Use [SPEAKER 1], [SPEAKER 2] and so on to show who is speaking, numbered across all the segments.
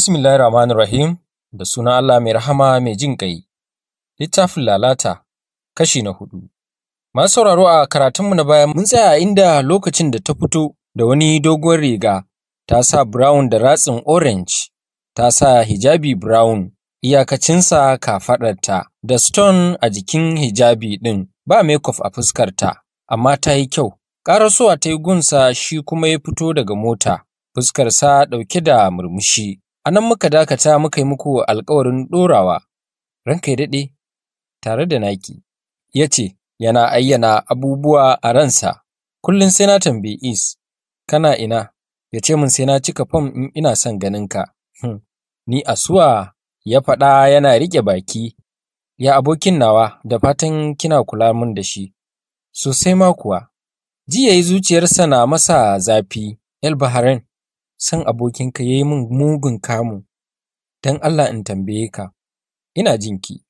[SPEAKER 1] Bismillahir Rahim da suna Allah mai rahama mai jin ƙai. Littafin lalata kashi na hudu. Masu sauraro a karatunmu na baya mun tsaya inda lokacin da ta fito da wani doguwar riga ta sa brown da ratsin orange ta sa hijabi brown iyakacinsa kafaɗarta da stone a jikin hijabi ɗin ba makeup a fuskarta amma ta yi kyau. Ƙarasowa ta yi gunsa shi kuma ya fito daga mota fuskarsa ɗauke da murmushi A nan muka dakata muka yi muku alkawarin ɗorawa, ranka ya daɗe, tare da naki, ya ce, yana ayyana abubuwa a ransa, kullum sai na tambayi Is, kana ina, ya ce min sai na cika fam in ina son ganinka. Hmm. Ni asuwa, ya faɗa yana riƙe baki, ya abokin nawa da fatan kina kula min da shi, sosai ma kuwa. Ji ya yi zuciyarsa na masa zafi, El Bahrain, son abokinka ya yi min mugun kamu, don Allah in tambaye ka, ina jinki.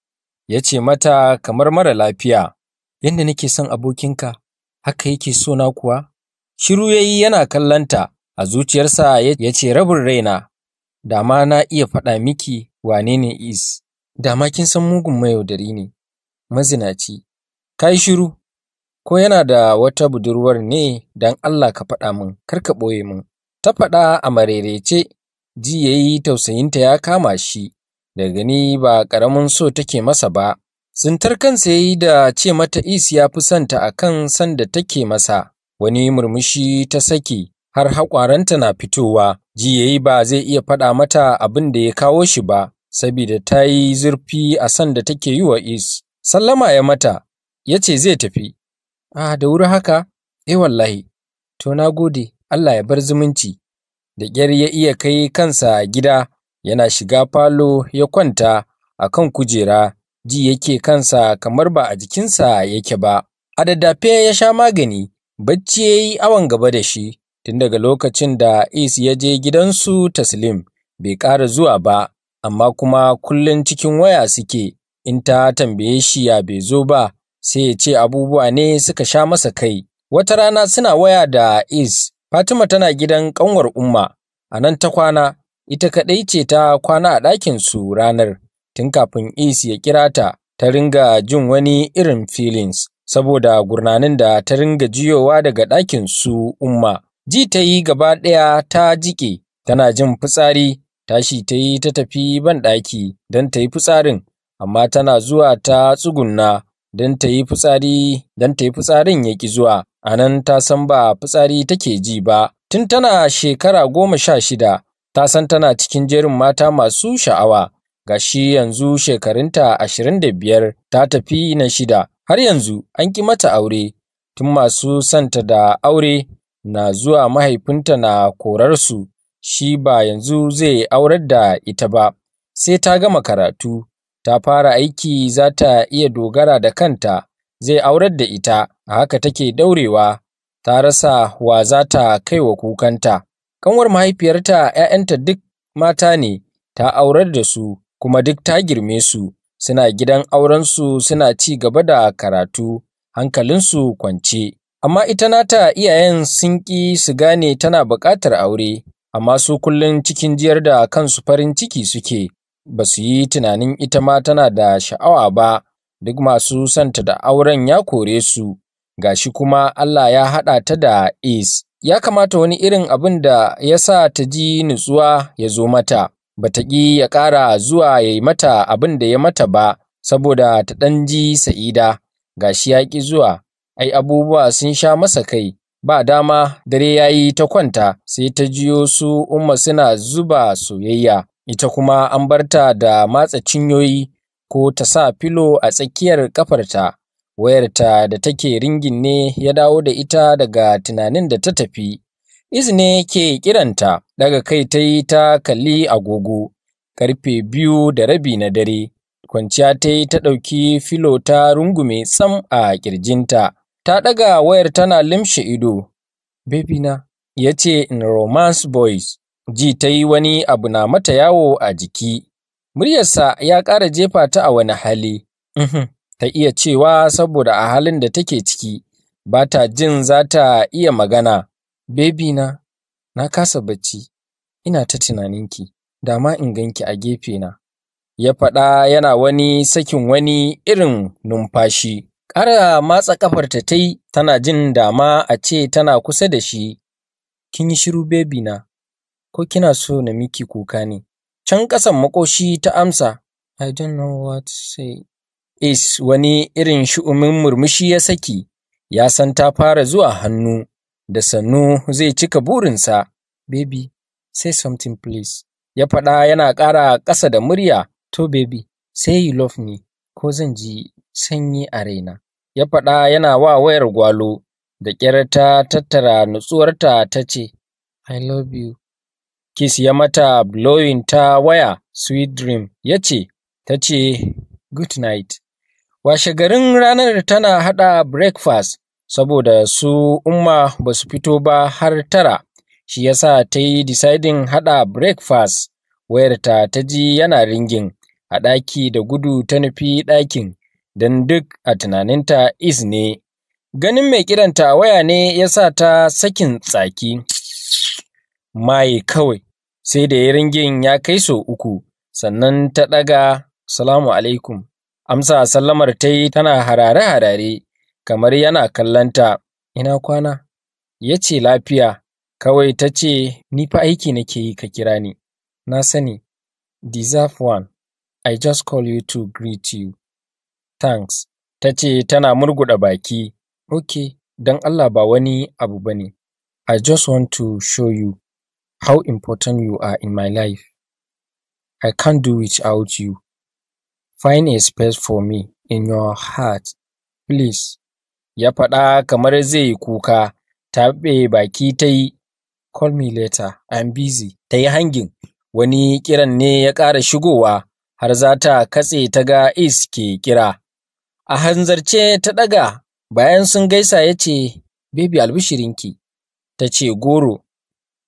[SPEAKER 1] Ya ce mata kamar mara lafiya, yadda nake son abokinka, haka yake so na kuwa? Shiru ya yi yana kallanta a zuciyarsa ya ce rabin raina, da ma na iya faɗa miki wane ne is, da ma kin san mugun mayaudari ne, mazinaci. Ka yi shiru, ko yana da wata budurwar ne don Allah ka faɗa min, kar ka ɓoye min. ta faɗa a maraice, ji ya yi tausayinta ya kama shi, daga gani ba ƙaramin so take masa ba. Tsintar kansa ya yi da ce mata isi ya fi santa a kan sanda take masa, wani murmushi ta sake. har haƙwaranta na fitowa, ji ya yi ba zai iya faɗa mata abin da ya kawo shi ba, sabida ta yi zurfi a sanda take yi wa is. Sallama ya mata, ya ce zai tafi. A ah, da wuri haka, eh wallahi, to na gode, Allah ya bar zumunci. Da ƙyar ya iya kai kansa gida, yana shiga falo ya kwanta a kan kujera, ji yake kansa kamar ba a jikinsa yake ba. A daddafe ya sha magani, bacci ya yi awon gaba da shi, tun daga lokacin da Is ya je gidansu Taslim, bai ƙara zuwa ba, amma kuma kullum cikin waya suke, in ta tambaye shi ya bai zo ba, sai ya ce abubuwa ne suka sha masa kai. Wata rana suna waya da Is, Fatima tana gidan ƙanwar Umma, a nan ta kwana, ita kaɗai ce ta kwana a ɗakin su ranar, tun kafin isi ya kira ta, ta ringa jin wani irin feelings, saboda gurnanin da ta ringa jiyowa daga ɗakin su Umma. Ji ta yi gaba ɗaya ta jiƙe, tana jin fitsari, tashi ta yi ta tafi banɗaki don ta yi fitsarin, amma tana zuwa ta tsugunna don ta yi fitsari don ta yi fitsarin ya ƙi zuwa a nan ta san ba fitsari take ji ba tun tana shekara goma sha shida ta san tana cikin jerin mata masu sha'awa Ga shi yanzu shekarunta ashirin da biyar ta tafi na shida har yanzu an ƙi mata aure tun masu santa da aure na zuwa mahaifinta na korarsu shi ba yanzu zai aurar da ita ba sai ta gama karatu ta fara aiki za ta iya dogara da kanta zai aurar da ita a haka take daurewa ta rasa wa za ta kai wa kukanta kanwar mahaifiyarta ‘ya'yanta duk mata ne ta aurar da su kuma duk ta girme su suna gidan aurensu suna ci gaba da karatu hankalinsu kwance amma ita nata iyayen sun ƙi su gane tana buƙatar aure amma su kullum cikin jiyar da kansu farin ciki suke ba su yi tunanin ita ma tana da sha'awa ba duk masu santa da auren ya kore su ga shi kuma Allah ya haɗa ta da is ya kamata wani irin abin da ya sa ta ji nutsuwa ya zo mata ba ta ƙi ya ƙara zuwa ya yi mata abin da ya mata ba saboda ta ɗan ji sa'ida ga shi ya ƙi zuwa ai abubuwa sun sha masa kai ba dama dare ya yi ta kwanta sai ta jiyo su umma suna zuba soyayya ita kuma an barta da matsa cinyoyi ko ta sa filo a tsakiyar ƙafarta wayarta da take ringin ne ya dawo da ita daga tunanin da ta tafi izine ke kiranta daga kai ta yi ta kalli agogo karfe biyu da rabi na dare kwanciya ta yi ta ɗauki filo ta rungume tsam a ƙirjinta ta ɗaga wayar tana limshe ido babina ya ce in romance boys ji ta yi wani abu na mata yawo a jiki muryarsa ya ƙara jefa ta a wani hali uhm, ta iya cewa saboda a halin da take ciki ba ta jin za ta iya magana bebi na na kasa bacci ina ta tunaninki da ma in ganki a gefe na ya faɗa yana wani sakin wani irin numfashi ƙara matsa ƙafarta ta yi tana jin dama a ce tana kusa da shi kin yi shiru bebi na ko kina so na miki kuka ne? Can ƙasan makoshi ta amsa, I don't know what to say. Is wani irin shu'umin murmushi ya saki, ya san ta fara zuwa hannu, da sannu zai cika burinsa. Baby, say something please. Ya faɗa yana ƙara ƙasa da murya, to baby, say you love me, ko zan ji sanyi a raina. Ya faɗa yana wa wayar gwalo, da ƙyar ta tattara nutsuwarta ta ce, I love you. ki siya mata blowing ta waya sweet dream ya ce ta ce good night garin ranar tana haɗa breakfast saboda su umma ba su fito ba har tara shi yasa ta yi deciding haɗa breakfast wayarta ta ji yana ringin a ɗaki da gudu ta nufi ɗakin don duk a tunaninta is ganin mai kiranta waya ne ya sa ta sakin tsaki maye kawai sai da yaringin ya kai so uku sannan ta ɗaga salamu alaikum amsa sallamar ta yi tana harare-harare kamar yana kallanta ina kwana ya ce lafiya kawai ta ce ni fa aiki nake yi ka kira ni na sani deserve one i just call you to greet you thanks ta ce tana murguɗa baki ok don allah ba wani abu ba ne i just want to show you how important you are in my life. I can't do without you. Find a space for me in your heart, please. Ya faɗa kamar zai yi kuka, taɓe baki ta yi, call me later, I'm busy, ta yi hangin. Wani kiran ne ya ƙara shigowa, har za ta katse ta ga is ke kira. A hanzarce ta ɗaga, bayan sun gaisa ya ce, Baby albishirinki, ta ce goro,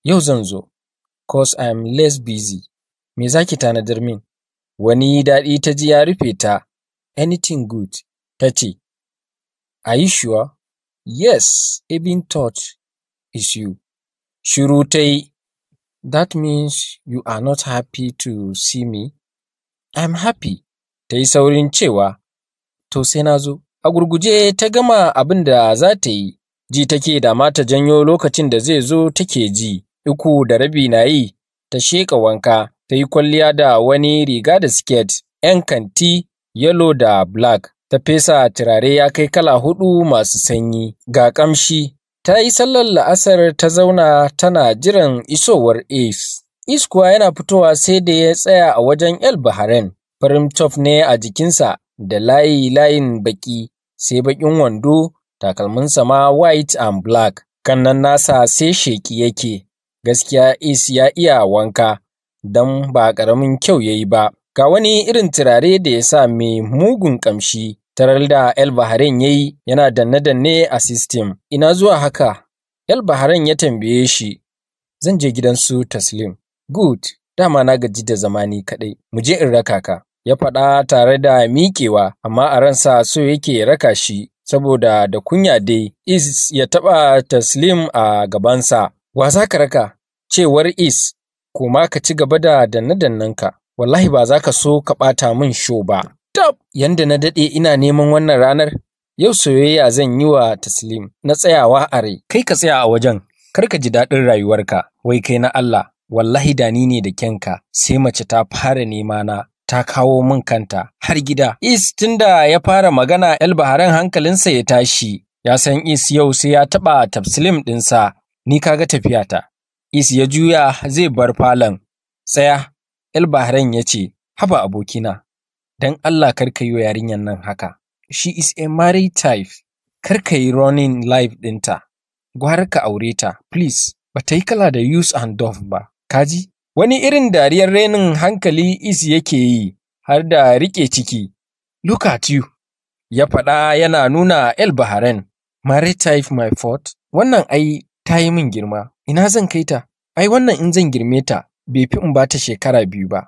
[SPEAKER 1] Yau zan zo, I I'm less busy. Me za ki tanadar min? Wani daɗi ta ji ya rufe ta. Anything good, ta ce. Are you sure? Yes, even thought is you. Shiru ta yi. That means you are not happy to see me? I'm happy, ta yi saurin cewa. To sai na zo. A gurguje ta gama abin da za ta yi, ji take da ma ta janyo lokacin da zai zo take ji. uku da rabi na yi ta sheƙa wanka ta yi kwalliya da wani riga da siket 'yan kanti yellow da black ta fesa turare ya kai kala hudu masu sanyi ga ƙamshi ta yi sallar la'asar ta zauna tana jiran isowar ace is kuwa yana fitowa sai da ya tsaya a wajen el bahrain farin tof ne a jikinsa da layi layin baki sai bakin wando takalminsa ma white and black kannan nasa sai sheki yake gaskiya Is ya iya wanka don ba ƙaramin kyau ya yi ba. Ga wani irin turare da ya sa mai mugun ƙamshi tarar da El Bahrain ya yi yana danne-danne a sistim. Ina zuwa haka, El Bahrain ya tambaye shi, zan je gidan su Taslim. Good, dama na gaji da zamani kaɗai, mu je in raka ka. Ya faɗa tare da miƙewa, amma a ransa so yake raka shi, saboda da kunya dai, Is ya taɓa Taslim a gabansa. Wa za ka raka? cewar Is, koma ka ci gaba da danne-dannenka, wallahi ba za ka so ka ɓata min sho ba. Tab! Yanda na daɗe ina neman wannan ranar, yau soyayya zan yi wa Taslim na tsayawa a rai. Kai ka tsaya a wajen, kar ka ji daɗin rayuwarka, wai kai na Allah, wallahi da ni ne da kyanka, sai mace ta fara nema na ta kawo min kanta har gida. Is tunda ya fara magana El Baharan hankalinsa ya tashi, ya san Is yau sai ya taɓa tafsilim ɗinsa, ni kaga tafiyata. Is ya juya zai bar falon. Tsaya, El Bahrain ya ce, Haba abokina, don Allah karka yi wa yarinyar nan haka. She is a married type, karka yi running life ɗinta. Gwara ka aure ta, please, ba ta yi kala da use and doff ba, kaji? Wani irin dariyar renin hankali Is yake yi, har da riƙe ciki. Look at you, ya faɗa yana nuna El Bahrain. type my fault, wannan ai ta yi min girma. Ina zan kai ta? Ai wannan in zan girme ta bai fi in ba ta shekara biyu ba.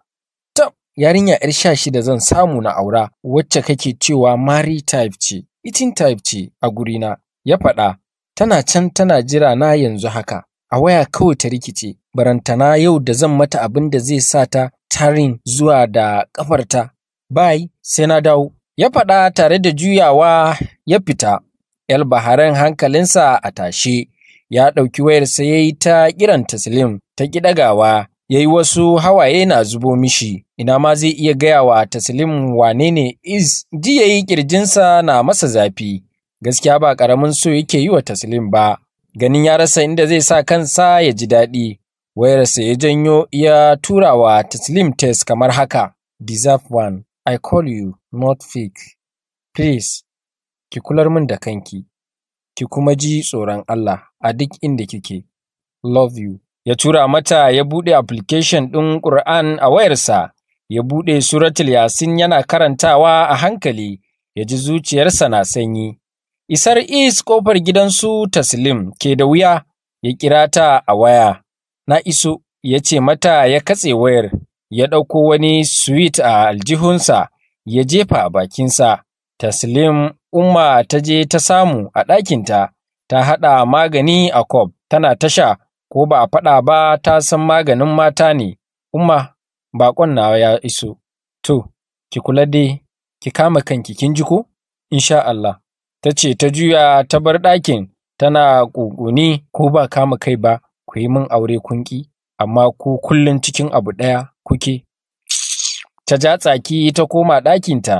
[SPEAKER 1] Tab, yarinya ‘yar sha shida zan samu na aura wacce kake cewa Mari type ce, itin type ce a gurina, ya faɗa. Tana can tana jira na yanzu haka, a waya kawai ta rikice, barantana yau da zan mata abin da zai sa ta tarin zuwa da ƙafarta. Bai, sai na dawo. Ya faɗa tare da juyawa ya fita, ‘yar baharen hankalinsa a tashe. ya ɗauki wayarsa ya yi ta kiran taslim ta ki ɗagawa ya yi wasu hawaye na zubo mishi ina ma zai iya gaya wa taslim wane ne is ji ya yi ƙirjinsa na masa zafi gaskiya ba ƙaramin so yake yi wa taslim ba ganin ya rasa inda zai sa kansa ya ji daɗi wayarsa ya janyo ya tura wa taslim test kamar haka deserve one i call you not fake please ki kular min da kanki ki kuma ji tsoron Allah a duk inda kike. Love you. Ya tura mata ya buɗe application ɗin Ƙur'an a wayarsa, ya buɗe suratul Yasin yana karantawa a hankali, ya ji zuciyarsa na sanyi. Isar Is ƙofar gidansu Taslim ke da wuya, ya kira ta a waya. Na iso, ya ce mata ya katse wayar, ya ɗauko wani suwit a aljihunsa, ya jefa a bakinsa. Taslim Umma ta je ta samu a ɗakinta, ta haɗa magani a kwab tana ta sha ko ba a faɗa ba ta san maganin mata ne umma baƙon na ya iso to ki kula dai ki kama kanki kin ji ko insha Allah ta ce ta juya ta bar ɗakin tana ƙuƙuni ko ba kama kai ba ku yi min aure kunki? amma ku kullum cikin abu ɗaya kuke ta ja tsaki ta koma ɗakinta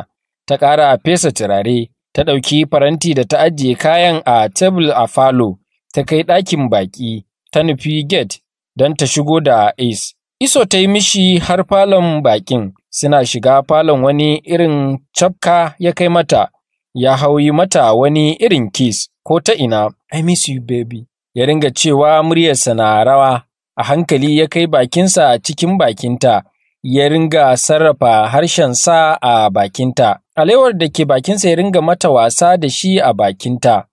[SPEAKER 1] ta ƙara fesa turare Ta ɗauki faranti da ta ajiye kayan a tebul a falo, ta kai ɗakin baƙi, ta nufi get don ta shigo da Ace. Iso ta yi mishi har falon baƙin, suna shiga falon wani irin cafka ya kai mata, ya hauyi mata wani irin kis ko ta ina, I miss you baby. Ya ringa cewa muryarsa na rawa, a hankali ya kai bakinsa cikin bakinta, ya ringa sarrafa harshensa a bakinta, alewar da ke bakinsa ya ringa mata wasa da shi a bakinta.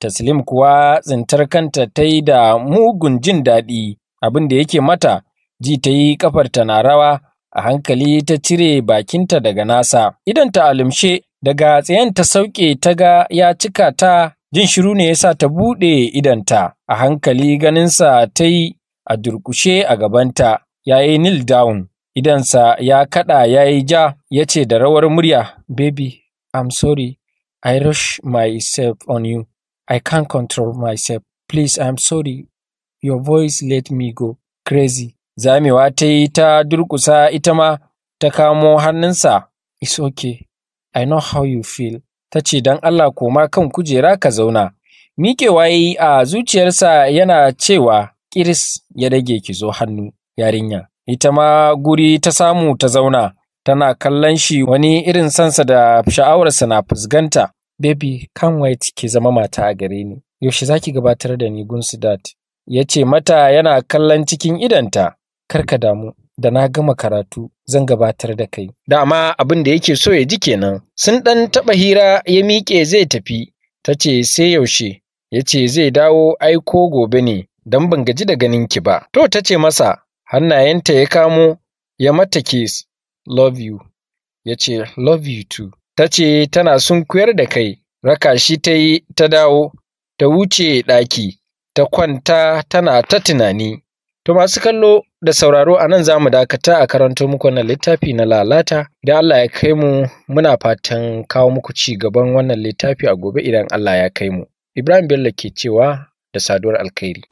[SPEAKER 1] Taslim kuwa tsintar kanta ta yi da mugun jin daɗi abin da yake mata, ji ta yi ƙafarta na rawa, a hankali ta cire bakinta daga nasa. idan ta alimshe daga tsayen ta sauke ta ga ya cika ta jin shiru ne yasa ta buɗe idonta, a hankali ganinsa ta yi a durƙushe a gabanta, ya yi nil down. Idansa ya kaɗa ya yi ja ya ce da rawar murya, Baby, I'm sorry, I rush myself on you. I can't control myself. Please, I'm sorry. Your voice let me go crazy. Zamewa ta yi ta durƙusa ita ma ta kamo hannunsa. It's okay. I know how you feel. Ta ce don Allah koma kan kujera ka zauna. Miƙewa yi a zuciyarsa yana cewa Kiris ya rage ki zo hannu yarinya. ita ma guri ta samu ta zauna tana kallon shi wani irin sansa da sha'awarsa na fuskanta baby kan white ke zama mata a gare ni yaushe za ki gabatar da ni gunsu dat ya ce mata yana kallon cikin idanta karka damu da na gama karatu zan gabatar da kai dama abin da yake so ya ji kenan sun ɗan taɓa hira ya miƙe zai tafi ta ce sai yaushe ya ce zai dawo aiko gobe ne don ban gaji da ganin ki ba to ta ce masa hannayenta ya kamo ya mata kiss love you ya ce love you too ta ce tana sunkuyar da kai raka shi ta yi ta dawo ta wuce ɗaki ta kwanta tana ta tunani to masu kallo da sauraro a nan za mu dakata a karanto muku wannan littafi na lalata idan Allah ya kai mu muna fatan kawo muku ci gaban wannan littafi a gobe idan Allah ya kai mu Ibrahim Bello ke cewa da saduwar alkhairi